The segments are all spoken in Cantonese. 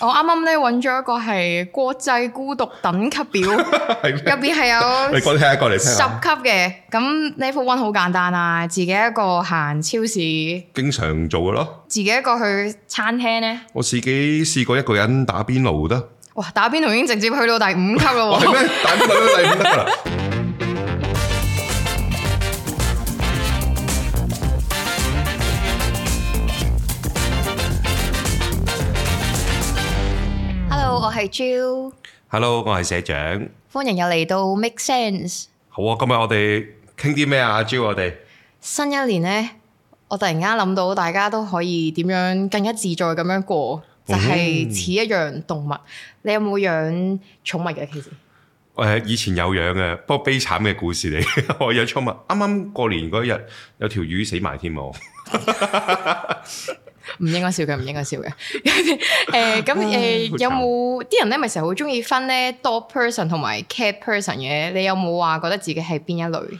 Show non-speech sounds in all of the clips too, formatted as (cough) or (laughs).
我啱啱咧揾咗一個係國際孤獨等級表，入邊係有，你過嚟聽下，嚟聽十級嘅，咁呢幅 one 好簡單啊，自己一個行超市，經常做嘅咯。自己一個去餐廳咧，我自己試過一個人打邊爐得。哇！打邊爐已經直接去到第五級咯喎，啊。係咩？ (laughs) 打邊爐都第五級啦。 (laughs) 係 Hi 阿 Jo，Hello，我係社長，歡迎又嚟到 Make Sense。好啊，今日我哋傾啲咩啊？阿 Jo，我哋新一年咧，我突然間諗到大家都可以點樣更加自在咁樣過，就係、是、似一樣動物。 (laughs) 你有冇養寵物嘅？其實誒，以前有養嘅，不過悲慘嘅故事嚟。 (laughs) 我養寵物，啱啱過年嗰日有條魚死埋添。 (laughs) (laughs) 唔應該笑嘅，唔應該笑嘅。誒、 (laughs) 欸，咁誒、欸、有冇啲、哦、人咧，咪成日好中意分咧 dog person 同埋 cat person 嘅？你有冇話覺得自己係邊一類？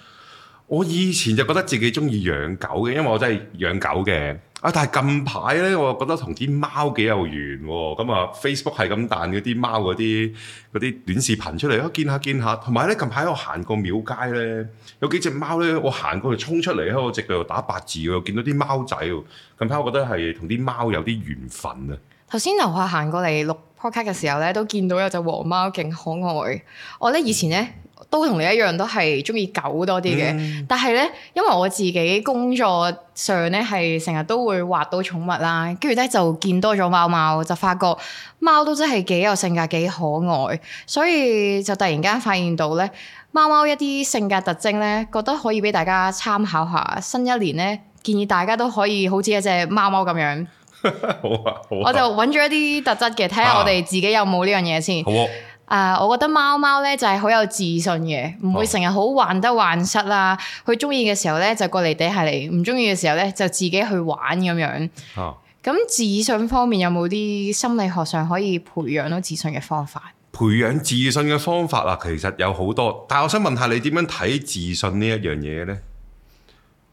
我以前就覺得自己中意養狗嘅，因為我真係養狗嘅。啊！但係近排咧，我又覺得同啲貓幾有緣喎。咁、嗯、啊，Facebook 係咁彈嗰啲貓嗰啲啲短視頻出嚟，見下見下。同埋咧，近排我行過廟街咧，有幾隻貓咧，我行過就衝出嚟，喺我直度打八字喎。見到啲貓仔喎。近排我覺得係同啲貓有啲緣分啊。頭先樓下行過嚟錄 podcast 嘅時候咧，都見到有隻黃貓勁可愛。我咧以前咧。嗯都同你一樣，都係中意狗多啲嘅。嗯、但係咧，因為我自己工作上咧係成日都會畫到寵物啦，跟住咧就見多咗貓貓，就發覺貓都真係幾有性格，幾可愛。所以就突然間發現到咧，貓貓一啲性格特徵咧，覺得可以俾大家參考下。新一年咧，建議大家都可以好似一隻貓貓咁樣。 (laughs) 好、啊。好啊，好。我就揾咗一啲特質嘅，睇下我哋自己有冇呢樣嘢先。好啊。啊，uh, 我覺得貓貓咧就係、是、好有自信嘅，唔、哦、會成日好患得患失啦、啊。佢中意嘅時候咧就過嚟嗲下你；唔中意嘅時候咧就自己去玩咁樣。咁、哦、自信方面有冇啲心理學上可以培養到自信嘅方法？培養自信嘅方法啊，其實有好多。但係我想問下你點樣睇自信呢一樣嘢呢？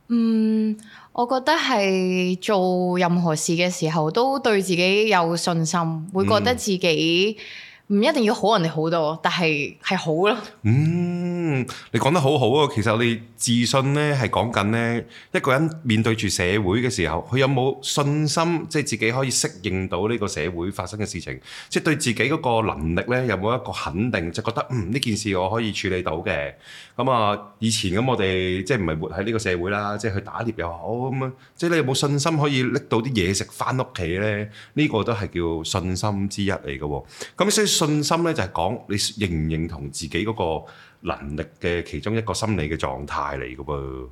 嗯，我覺得係做任何事嘅時候都對自己有信心，會覺得自己、嗯。唔一定要好人哋好多，但係係好咯。嗯，你講得好好啊。其實我哋自信咧係講緊咧，一個人面對住社會嘅時候，佢有冇信心，即係自己可以適應到呢個社會發生嘅事情，即係對自己嗰個能力咧有冇一個肯定，就覺得嗯呢件事我可以處理到嘅。咁啊，以前咁我哋即係唔係活喺呢個社會啦，即係去打獵又好咁樣，即係你有冇信心可以拎到啲嘢食翻屋企咧？呢個都係叫信心之一嚟嘅。咁所以。信心咧就係講你認唔認同自己嗰個能力嘅其中一個心理嘅狀態嚟噶噃，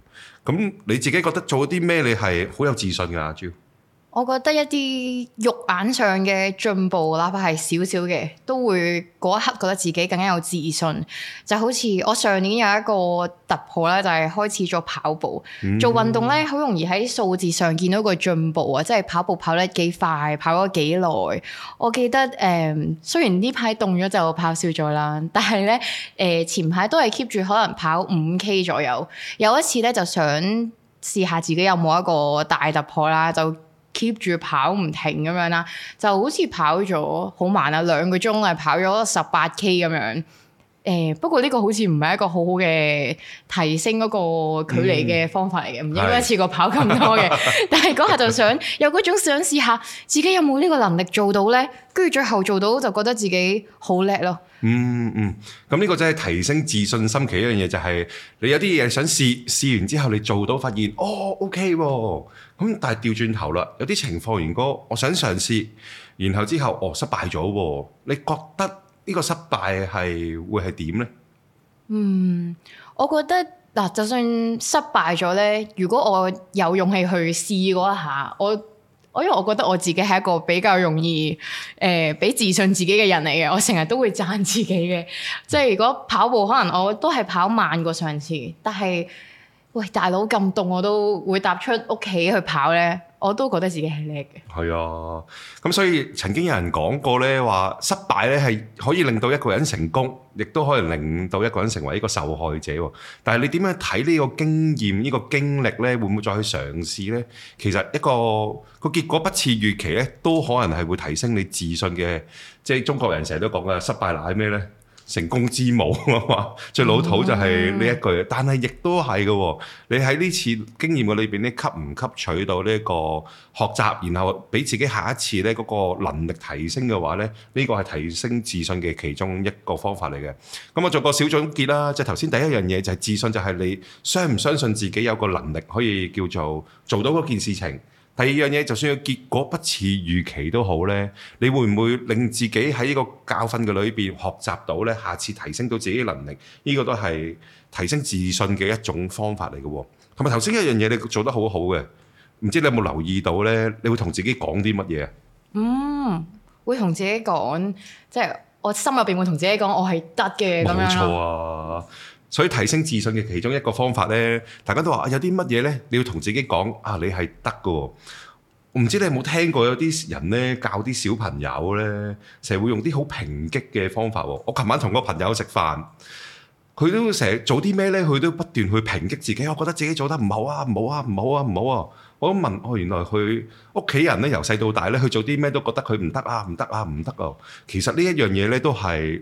咁你自己覺得做咗啲咩你係好有自信噶阿朱？我覺得一啲肉眼上嘅進步，哪怕係少少嘅，都會嗰一刻覺得自己更加有自信。就好似我上年有一個突破咧，就係開始咗跑步、嗯、哼做運動咧，好容易喺數字上見到個進步啊！即係跑步跑得幾快，跑咗幾耐。我記得誒，雖然呢排凍咗就跑少咗啦，但係咧誒前排都係 keep 住可能跑五 K 左右。有一次咧就想試下自己有冇一個大突破啦，就～keep 住跑唔停咁樣啦，就好似跑咗好慢啊，兩個鐘啊，跑咗十八 K 咁樣。誒、欸、不過呢個好似唔係一個好好嘅提升嗰個距離嘅方法嚟嘅，唔、嗯、應該一次過跑咁多嘅。 (laughs) 但係嗰下就想有嗰種想試下自己有冇呢個能力做到呢，跟住最後做到就覺得自己好叻咯。嗯嗯，咁、嗯、呢個真係提升自信心嘅一樣嘢，就係、是、你有啲嘢想試，試完之後你做到發現哦 OK 喎、哦，咁但係掉轉頭啦，有啲情況如果我想嘗試，然後之後哦失敗咗喎、哦，你覺得？呢個失敗係會係點呢？嗯，我覺得嗱，就算失敗咗呢，如果我有勇氣去試嗰一下，我我因為我覺得我自己係一個比較容易誒俾、呃、自信自己嘅人嚟嘅，我成日都會讚自己嘅。即係如果跑步可能我都係跑慢過上次，但係喂大佬咁凍我都會踏出屋企去跑呢。我都覺得自己係叻嘅。係啊，咁所以曾經有人講過呢，話失敗呢係可以令到一個人成功，亦都可以令到一個人成為一個受害者。但係你點樣睇呢個經驗、呢、呢個經歷呢？會唔會再去嘗試呢？其實一個個結果不似預期呢，都可能係會提升你自信嘅。即係中國人成日都講嘅，失敗乃咩呢？成功之母啊嘛， (laughs) 最老土就係呢一句，哦、但係亦都係嘅喎。你喺呢次經驗嘅裏邊咧，你吸唔吸取到呢一個學習，然後俾自己下一次咧嗰個能力提升嘅話咧，呢、呢個係提升自信嘅其中一個方法嚟嘅。咁我做個小總結啦，即係頭先第一樣嘢就係、係、自信，就係、係、你相唔相信自己有個能力可以叫做做到嗰件事情。第二樣嘢，就算個結果不似預期都好呢，你會唔會令自己喺呢個教訓嘅裏邊學習到呢？下次提升到自己能力，呢個都係提升自信嘅一種方法嚟嘅喎。同埋頭先一樣嘢，你做得好好嘅，唔知你有冇留意到呢？你會同自己講啲乜嘢啊？嗯，會同自己講，即係我心入邊會同自己講，我係得嘅。冇錯啊！所以提升自信嘅其中一個方法呢，大家都話啊，有啲乜嘢呢？你要同自己講啊，你係得㗎喎。我唔知你有冇聽過有啲人呢，教啲小朋友呢，成日會用啲好評擊嘅方法喎、哦。我琴晚同個朋友食飯，佢都成日做啲咩呢？佢都不斷去評擊自己，我覺得自己做得唔好啊，唔好啊，唔好啊，唔好啊。我都問，哦，原來佢屋企人呢，由細到大呢，佢做啲咩都覺得佢唔得啊，唔得啊，唔得啊。其實呢一樣嘢呢，都係。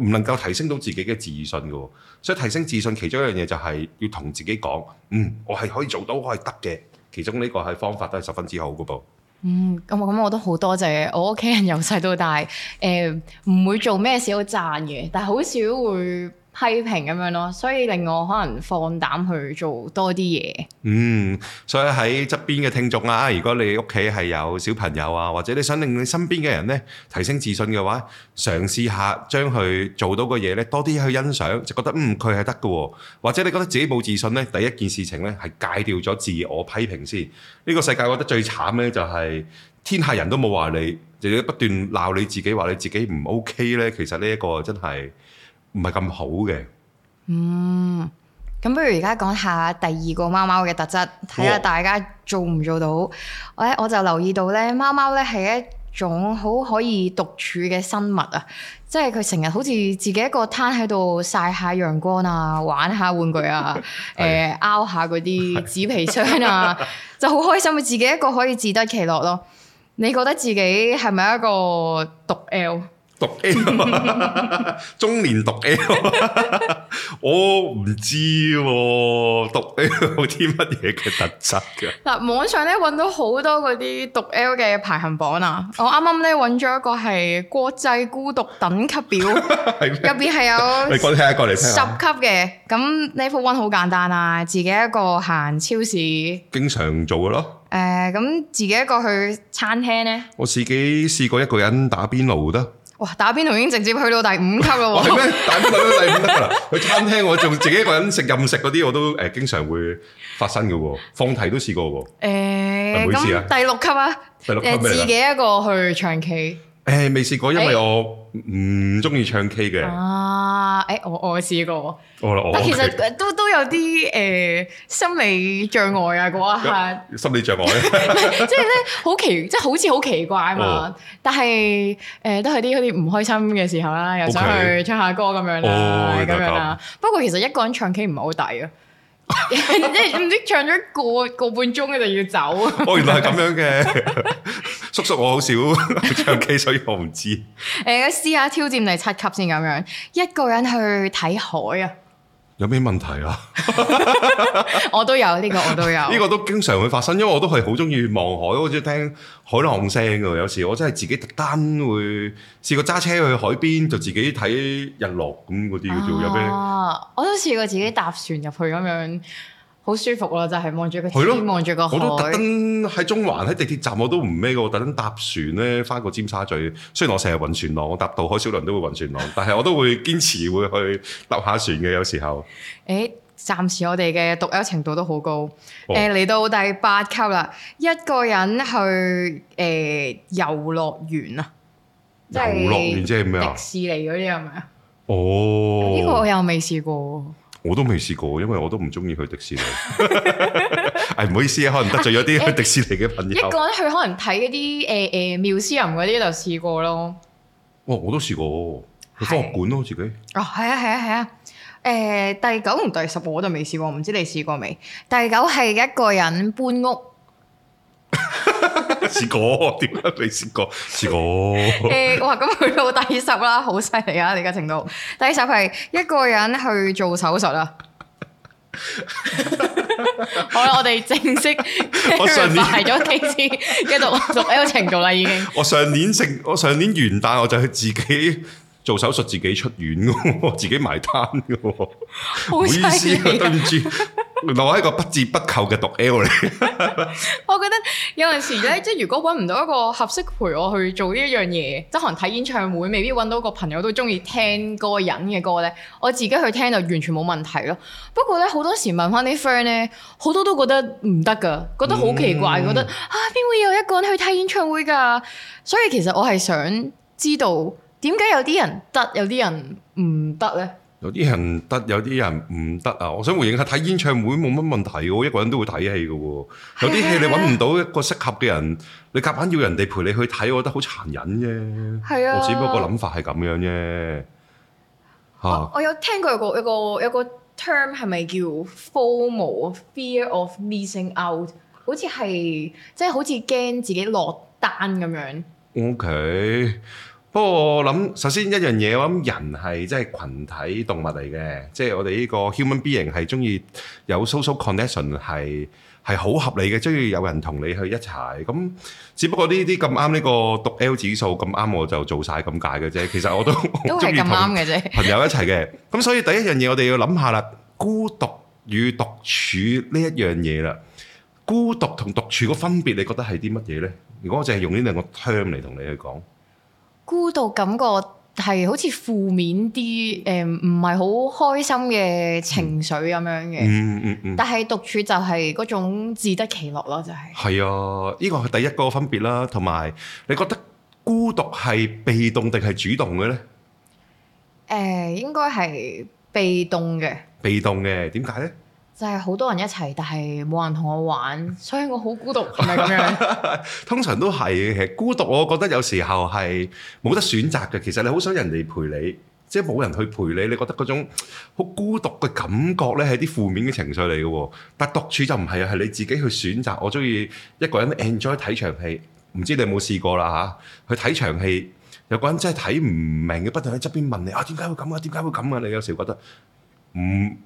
唔能夠提升到自己嘅自信嘅，所以提升自信其中一樣嘢就係要同自己講，嗯，我係可以做到，我係得嘅。其中呢個係方法都係十分之好嘅噃。嗯，咁我咁我都好多謝我屋企人由細到大，誒、呃、唔會做咩事都讚嘅，但係好少會批評咁樣咯，所以令我可能放膽去做多啲嘢。嗯，所以喺側邊嘅聽眾啊，如果你屋企係有小朋友啊，或者你想令你身邊嘅人呢提升自信嘅話，嘗試下將佢做到嘅嘢呢多啲去欣賞，就覺得嗯佢係得嘅喎。或者你覺得自己冇自信呢，第一件事情呢係戒掉咗自我批評先。呢個世界我覺得最慘呢，就係天下人都冇話你，就喺不斷鬧你自己，話你自己唔 OK 呢。其實呢一個真係。唔係咁好嘅。嗯，咁不如而家講下第二個貓貓嘅特質，睇下大家做唔做到。哦、我我就留意到咧，貓貓咧係一種好可以獨處嘅生物啊，即係佢成日好似自己一個攤喺度曬下陽光啊，玩下玩具啊，誒 (laughs) 是，拗、呃、下嗰啲紙皮箱啊，是 (laughs) 就好開心，佢自己一個可以自得其樂咯。你覺得自己係咪一個毒 L？毒 L (laughs) 中年毒 L， (laughs) 我唔知喎、啊，毒 L 有啲乜嘢嘅特質嘅。嗱，網上咧搵到好多嗰啲毒 L 嘅排行榜啊， (laughs) 我啱啱咧搵咗一個係國際孤獨等級表，入邊係有， (laughs) 你過嚟聽一下，嚟聽十級嘅，咁呢幅 one 好簡單啊，自己一個行超市，經常做嘅咯。誒、呃，咁自己一個去餐廳咧，我自己試過一個人打邊爐得。哇！打邊爐已經直接去到第五級咯喎，係咩？打邊爐都第五級啦。 (laughs) 去餐廳我仲自己一個人食任食嗰啲我都誒經常會發生嘅喎，放題都試過喎。誒咁、欸啊、第六級啊？第六級咩？自己一個去唱 K 誒未、欸、試過，因為我。欸唔中意唱 K 嘅啊！誒、欸，我我試過，oh, okay. 但其實都都有啲誒、呃、心理障礙啊，嗰下 (laughs) 心理障礙，即係咧好奇，即、就、係、是、好似好奇怪啊嘛。Oh. 但係誒、呃、都係啲啲唔開心嘅時候啦，Okay. 又想去唱下歌咁樣、啊，咁、oh, 樣啦、啊。不過其實一個人唱 K 唔係好抵啊。即唔知唱咗個個半鐘嘅就要走啊！哦，原來係咁樣嘅， (laughs) 叔叔我好少唱 K， (laughs) 所以我唔知。誒，試下挑戰第七級先咁樣，一個人去睇海啊！有咩問題啊？我都有呢個，我都有。呢個都經常會發生，因為我都係好中意望海，好中意聽海浪聲嘅。有時我真係自己特登會試過揸車去海邊，就自己睇日落咁嗰啲叫做。啊，有咩？我都試過自己搭船入去咁樣。好舒服咯，就係望住個天，望住了個海。我都特登喺中環喺地鐵站，我都唔咩嘅喎。特登搭船咧，返個尖沙咀。雖然我成日暈船浪，我搭渡海小輪都會暈船浪， (laughs) 但係我都會堅持會去搭下船嘅。有時候，誒、欸，暫時我哋嘅獨有程度都好高。誒、哦，嚟、欸、到第八級啦，一個人去誒遊樂園啊！遊樂園即係咩迪士尼嗰啲係咪啊？哦，呢個我又未試過。我都未試過，因為我都唔中意去迪士尼。係唔、 (laughs) (laughs) 哎、好意思啊，可能得罪咗啲去迪士尼嘅朋友、啊。一個人去可能睇嗰啲誒誒妙斯人嗰啲就試過咯。哦，我都試過，去科學館咯自己。哦，係啊係啊係啊！誒、啊啊呃，第九同第十我就未試過，唔知你試過未？第九係一個人搬屋。試過，點解未試過？試過誒、欸，哇！咁去到第十啦，好犀利啊！你嘅程度，第十係一個人去做手術啊！ (laughs) 好啦，我哋正式我上年排咗幾次，繼續一 L 程度啦，已經。我上年成，我上年元旦我就自己。做手術自己出院嘅， (laughs) 自己埋單嘅，好意思啊， (laughs) 對唔住，我係 (laughs) 一個不折不扣嘅毒 L 嚟。 (laughs) (laughs) 我覺得有陣時咧，即係如果揾唔到一個合適陪我去做呢一樣嘢，即係可能睇演唱會，未必揾到個朋友都中意聽嗰人嘅歌咧，我自己去聽就完全冇問題咯。不過咧，好多時問翻啲 friend 咧，好多都覺得唔得噶，覺得好奇怪，嗯、覺得啊邊會有一個人去睇演唱會噶？所以其實我係想知道。點解有啲人得，有啲人唔得呢？有啲人得，有啲人唔得啊！我想回應下，睇演唱會冇乜問題嘅，一個人都會睇戲嘅喎。啊、有啲戲你揾唔到一個適合嘅人，你夾硬要人哋陪你去睇，我覺得好殘忍啫。係啊，我只不過諗法係咁樣啫。嚇！我有聽過一個一個一個 term 係咪叫 FOMO？Fear of missing out，好似係即係好似驚自己落單咁樣。OK。不過我諗，首先一樣嘢，我諗人係即係群體動物嚟嘅，即係我哋呢個 human being 係中意有 social connection 係係好合理嘅，中意有人同你去一齊咁。只不過呢啲咁啱呢個毒 L 指數咁啱，我就做曬咁解嘅啫。其實我都都係咁啱嘅啫，朋友一齊嘅。咁所以第一樣嘢，我哋要諗下啦，孤獨與獨處呢一樣嘢啦。孤獨同獨處個分別，你覺得係啲乜嘢呢？如果我淨係用呢兩個 term 嚟同你去講。孤獨感覺係好似負面啲，誒唔係好開心嘅情緒咁樣嘅。嗯嗯嗯。但係獨處就係嗰種自得其樂咯，就 (noise) 係。係啊，呢個係第一個分別啦。同埋，你覺得孤獨係被動定係主動嘅呢？誒、嗯，應該係被動嘅。被動嘅點解呢？就係好多人一齊，但係冇人同我玩，所以我好孤獨係咪咁樣。 (laughs) 通常都係其實孤獨，我覺得有時候係冇得選擇嘅。其實你好想人哋陪你，即係冇人去陪你，你覺得嗰種好孤獨嘅感覺呢，係啲負面嘅情緒嚟嘅。但係獨處就唔係啊，係你自己去選擇。我中意一個人 enjoy 睇場戲，唔知你有冇試過啦嚇、啊？去睇場戲，有個人真係睇唔明嘅，不斷喺側邊問你啊，點解會咁啊？點解會咁啊？你有時覺得唔～、嗯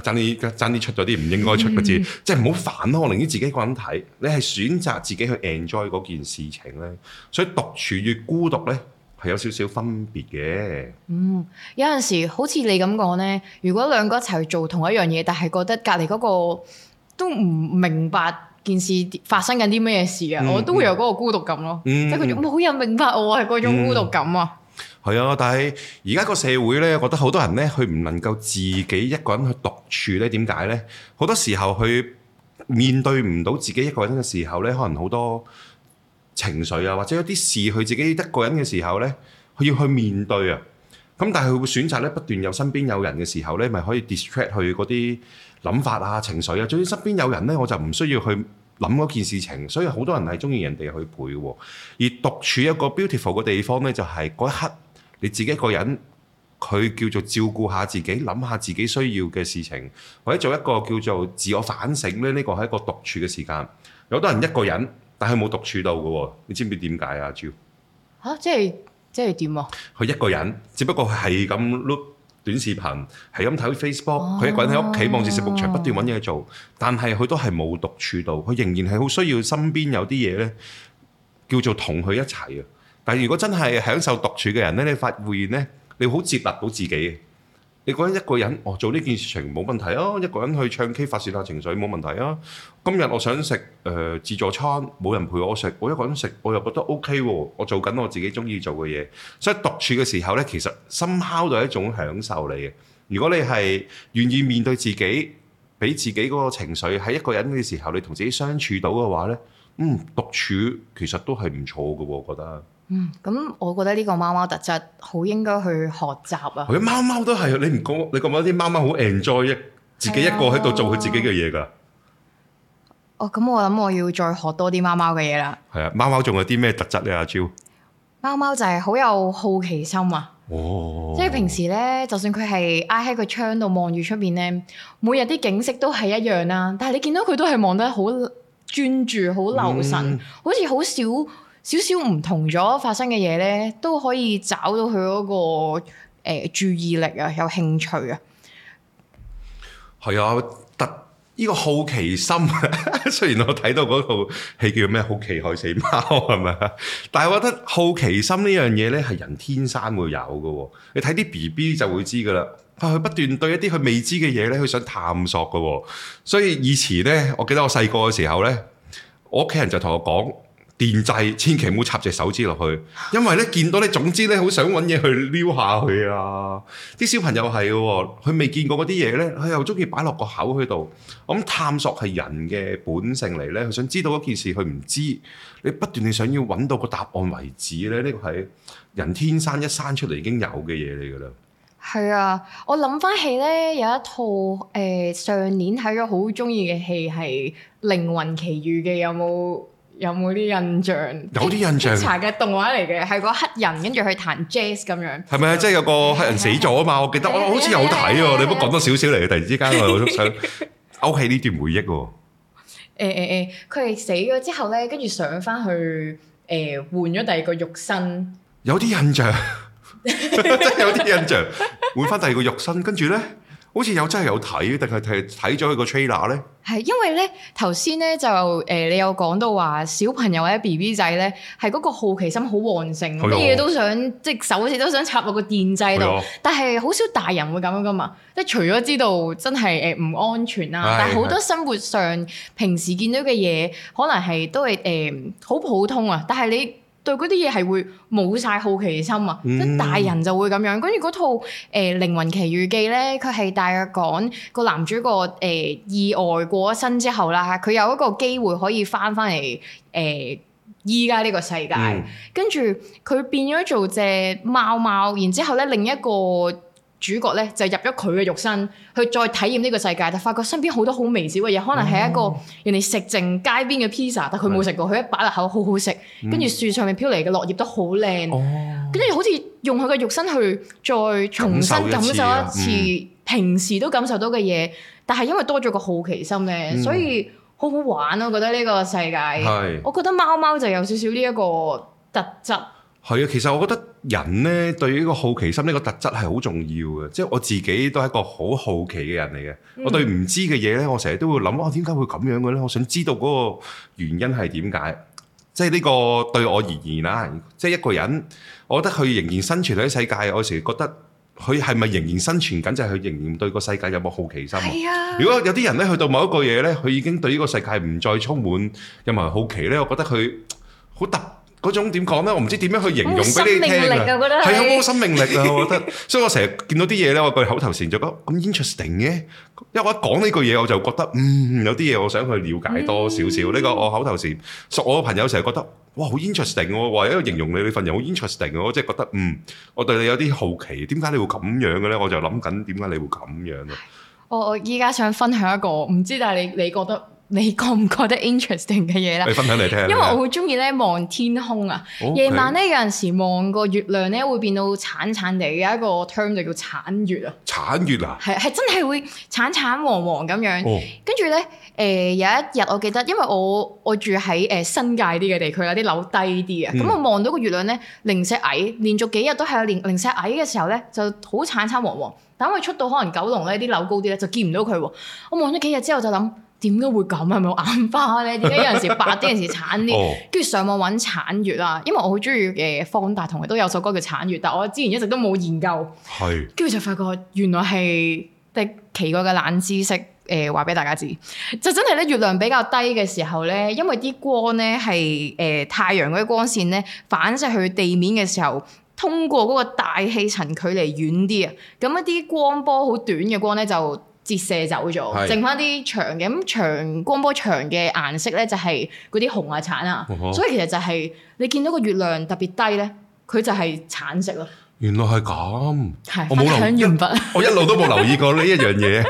爭啲爭啲出咗啲唔應該出嘅字，嗯、即係唔好煩咯。我寧願自己一個人睇，你係選擇自己去 enjoy 嗰件事情咧。所以獨處與孤獨咧係有少少分別嘅。嗯，有陣時好似你咁講咧，如果兩個一齊去做同一樣嘢，但係覺得隔離嗰個都唔明白件事發生緊啲咩事啊，嗯、我都會有嗰個孤獨感咯。嗯、即係佢冇人明白我係嗰種孤獨感啊。嗯嗯。係啊，但係而家個社會咧，我覺得好多人咧，佢唔能夠自己一個人去獨處咧，點解咧？好多時候佢面對唔到自己一個人嘅時候咧，可能好多情緒啊，或者有啲事佢自己一個人嘅時候咧，佢要去面對啊。咁但係佢會選擇咧，不斷有身邊有人嘅時候咧，咪可以 distract 佢嗰啲諗法啊、情緒啊。即使身邊有人咧，我就唔需要去諗嗰件事情。所以好多人係中意人哋去陪喎。而獨處一個 beautiful 嘅地方咧，就係嗰一刻。你自己一個人，佢叫做照顧下自己，諗下自己需要嘅事情，或者做一個叫做自我反省咧。呢個係一個獨處嘅時間。有好多人一個人，但係冇獨處到嘅喎。你知唔知點解啊？朱嚇，即係即係點啊？佢一個人，只不過佢係咁碌短視頻，係咁睇 Facebook，佢一個人喺屋企望住視頻牆，不斷揾嘢做。但係佢都係冇獨處到，佢仍然係好需要身邊有啲嘢咧，叫做同佢一齊啊！但如果真係享受獨處嘅人呢，你發會呢，你好接納到自己，你覺得一個人，一個人哦做呢件事情冇問題哦、啊，一個人去唱 K 發泄下情緒冇問題啊。今日我想食誒、呃、自助餐，冇人陪我食，我一個人食我又覺得 O K 喎。我做緊我自己中意做嘅嘢，所以獨處嘅時候呢，其實 somehow 都係一種享受嚟嘅。如果你係願意面對自己，俾自己嗰個情緒喺一個人嘅時候，你同自己相處到嘅話呢，嗯，獨處其實都係唔錯嘅喎，我覺得。嗯，咁我覺得呢個貓貓特質好應該去學習啊！貓貓都係，你唔覺你覺唔覺得啲貓貓好 enjoy 一自己一個喺度、啊、做佢自己嘅嘢㗎？哦，咁我諗我要再學多啲貓貓嘅嘢啦。係啊，貓貓仲有啲咩特質咧？阿 Jo，貓貓就係好有好奇心啊！哦，即係平時咧，就算佢係挨喺個窗度望住出邊咧，每日啲景色都係一樣啦、啊。但係你見到佢都係望得好專注、好留神，嗯、好似好少。少少唔同咗發生嘅嘢呢，都可以找到佢嗰、嗰個、呃、注意力啊，有興趣啊。係啊，特依個好奇心。嗯、 (laughs) 雖然我睇到嗰套戲叫咩《好奇害死貓》係咪？ (laughs) 但係我覺得好奇心呢樣嘢呢，係人天生會有嘅、哦。你睇啲 B B 就會知㗎啦。佢不斷對一啲佢未知嘅嘢呢，佢想探索㗎、哦。所以以前呢，我記得我細個嘅時候呢，我屋企人就同我講。電掣，千祈唔好插隻手指落去，因為咧，見到你，總之咧，好想揾嘢去撩下去啊！啲小朋友係嘅，佢未見過嗰啲嘢咧，佢又中意擺落個口去度。咁探索係人嘅本性嚟咧，佢想知道一件事，佢唔知，你不斷地想要揾到個答案為止咧。呢個係人天生一生出嚟已經有嘅嘢嚟噶啦。係啊，我諗翻起咧有一套誒、呃、上年睇咗好中意嘅戲係《靈魂奇遇記》嘅。有冇？有冇啲印象？有啲印象，欸、查嘅動畫嚟嘅，係個黑人跟住去彈 jazz 咁樣。係咪啊？即、就、係、是、有個黑人死咗啊嘛！我記得我、欸欸欸哦、好似有睇喎。欸欸欸欸，你唔好講多少少嚟，突然之間 (laughs) 我好想勾起呢段回憶喎。誒誒佢係死咗之後咧，跟住上翻去誒、呃、換咗第二個肉身。有啲印象， (laughs) 真係有啲印象，換翻第二個肉身，跟住咧。好似有真係有睇，定係睇睇咗佢個 trailer 咧？係因為咧，頭先咧就誒、呃，你有講到話小朋友或者 B B 仔咧，係嗰個好奇心好旺盛，啲嘢的都想即係手指都想插落個電掣度。的但係好少大人會咁樣噶嘛？即係除咗知道真係誒唔安全啦，的但係好多生活上平時見到嘅嘢，可能係都係誒好普通啊。但係你，對嗰啲嘢係會冇晒好奇心啊！即、嗯、大人就會咁樣，跟住嗰套誒、呃《靈魂奇遇記》呢咧，佢係大約講個男主角誒、呃、意外過咗身之後啦，佢有一個機會可以翻翻嚟誒依家呢個世界，跟住佢變咗做隻貓貓，然之後咧另一個主角咧就係，入咗佢嘅肉身去再體驗呢個世界，就係發覺身邊好多好微小嘅嘢，可能係一個人哋食剩街邊嘅 pizza，但佢冇食過，佢的一擺落口好好食。跟住，嗯、樹上面飄嚟嘅落葉都好靚。跟住、哦、好似用佢嘅肉身去再重新感受一次平時都感受到嘅嘢，但係因為多咗個好奇心咧，嗯、所以好好玩咯。我覺得呢個世界，的我覺得貓貓就有少少呢一個特質。係啊，其實我覺得人咧對呢個好奇心呢個特質係好重要嘅，即係我自己都係一個好好奇嘅人嚟嘅、嗯。我對唔知嘅嘢咧，我成日都會諗啊，點解會咁樣嘅咧？我想知道嗰個原因係點解。即係呢個對我而言啦，即係一個人，我覺得佢仍然生存喺世界。我成日覺得佢係咪仍然生存緊？就係、係、佢仍然對個世界有冇好奇心。啊、如果有啲人咧去到某一個嘢咧，佢已經對呢個世界唔再充滿任何好奇咧，我覺得佢好特。嗰種點講咧？我唔知點樣去形容俾你聽㗎。係啊，生命力啊，覺我，我覺得。所以我成日見到啲嘢咧，我句口頭禪就覺得咁 interesting 嘅。因為我一講呢句嘢，我就覺得嗯有啲嘢我想去了解多少少。呢、嗯、個我口頭禪，熟我朋友成日覺得哇好 interesting 喎、啊，因為形容你呢份人好 interesting，、啊、我即係覺得嗯我對你有啲好奇。點解你會咁樣嘅咧？我就諗緊點解你會咁樣咯、啊。我我依家想分享一個，唔知但係你你覺得。你覺唔覺得 interesting 嘅嘢咧？你分享嚟聽，聽。因為我好中意咧望天空啊，夜、哦、晚咧有陣時望個月亮咧會變到橙橙地有一個 term 就叫橙月啊。橙月啊？係係月真係會橙橙黃黃咁樣。跟住咧，誒、呃、有一日我記得，因為我我住喺誒新界啲嘅地區有啲樓低啲啊。係、嗯。咁我望到個月亮咧零舍矮，連續幾日都係有零零舍矮嘅時候咧，就好橙橙黃黃。但係我出到可能九龍咧，啲樓高啲咧就見唔到佢喎。我望咗幾日之後就諗。點解會咁啊？係咪眼花咧？點解 (laughs) 有陣時白啲，有陣時橙啲？跟住上網揾橙月啊！因為我好中意嘅方大同佢都有首歌叫《橙月》，但我之前一直都冇研究。係是。跟住就發覺原來係啲奇怪嘅冷知識，誒話俾大家知。就真係咧，月亮比較低嘅時候咧，因為啲光咧係誒太陽嗰啲光線咧反射去地面嘅時候，通過嗰個大氣層距離遠啲啊。咁一啲光波好短嘅光咧就折射走咗，剩翻啲長嘅咁是的 長光波長嘅顏色咧，就係嗰啲紅啊橙啊，uh huh. 所以其實就係你見到個月亮特別低咧，佢就係橙色咯。原來係咁，是我冇留意，我一路都冇留意過呢一 (laughs) (laughs) 樣嘢。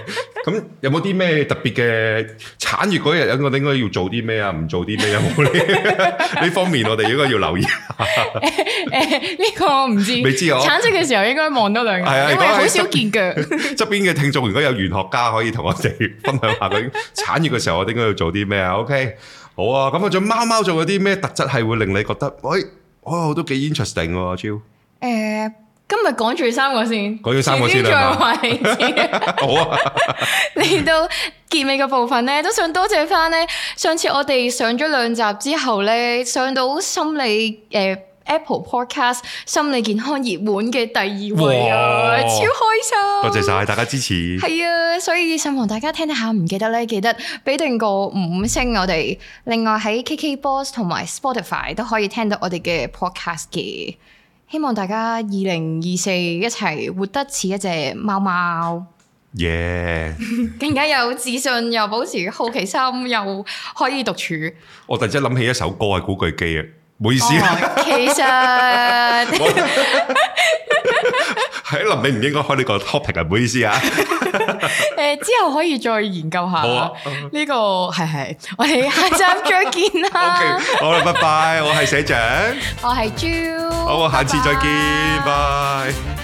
咁有冇啲咩特別嘅產月嗰日，我應該要做啲咩啊？唔做啲咩啊？呢呢 (laughs) 方面我哋應該要留意下。呢、 (laughs) 欸欸呢個唔知，未知我產出嘅時候應該望多兩眼，我因為好少見腳。側 (laughs) 邊嘅聽眾，如果有猿學家可以同我哋分享下佢產月嘅時候，我應該要做啲咩啊？OK，好啊。咁我仲貓貓仲有啲咩特質係會令你覺得，喂，哦，都幾 interesting 喎 j 今日講住三個先，講住三個先。 (laughs) 好啊！嚟 (laughs) 到結尾嘅部分咧，都想多謝翻咧。上次我哋上咗兩集之後咧，上到心理誒、呃、Apple Podcast 心理健康熱門嘅第二位啊，哇超開心！多謝晒大家支持。係啊，所以希望大家聽得下唔記得咧，記得俾定個五星我哋。另外喺 KKBox 同埋 Spotify 都可以聽到我哋嘅 Podcast 嘅。希望大家二零二四一齊活得似一隻貓貓耶！更加有自信，又保持好奇心，又可以獨處。我突然之間諗起一首歌係古巨基啊，唔好意思。其實喺林，你唔應該開呢個 topic 啊，唔好意思啊。誒 (laughs) 之後可以再研究下，啊，呢、呢個係係， (laughs) 我哋下集再見啦。 (laughs) OK，好啦，拜拜。我係社長， (laughs) 我係朱 J 好。好啊 bye，下次再見，拜。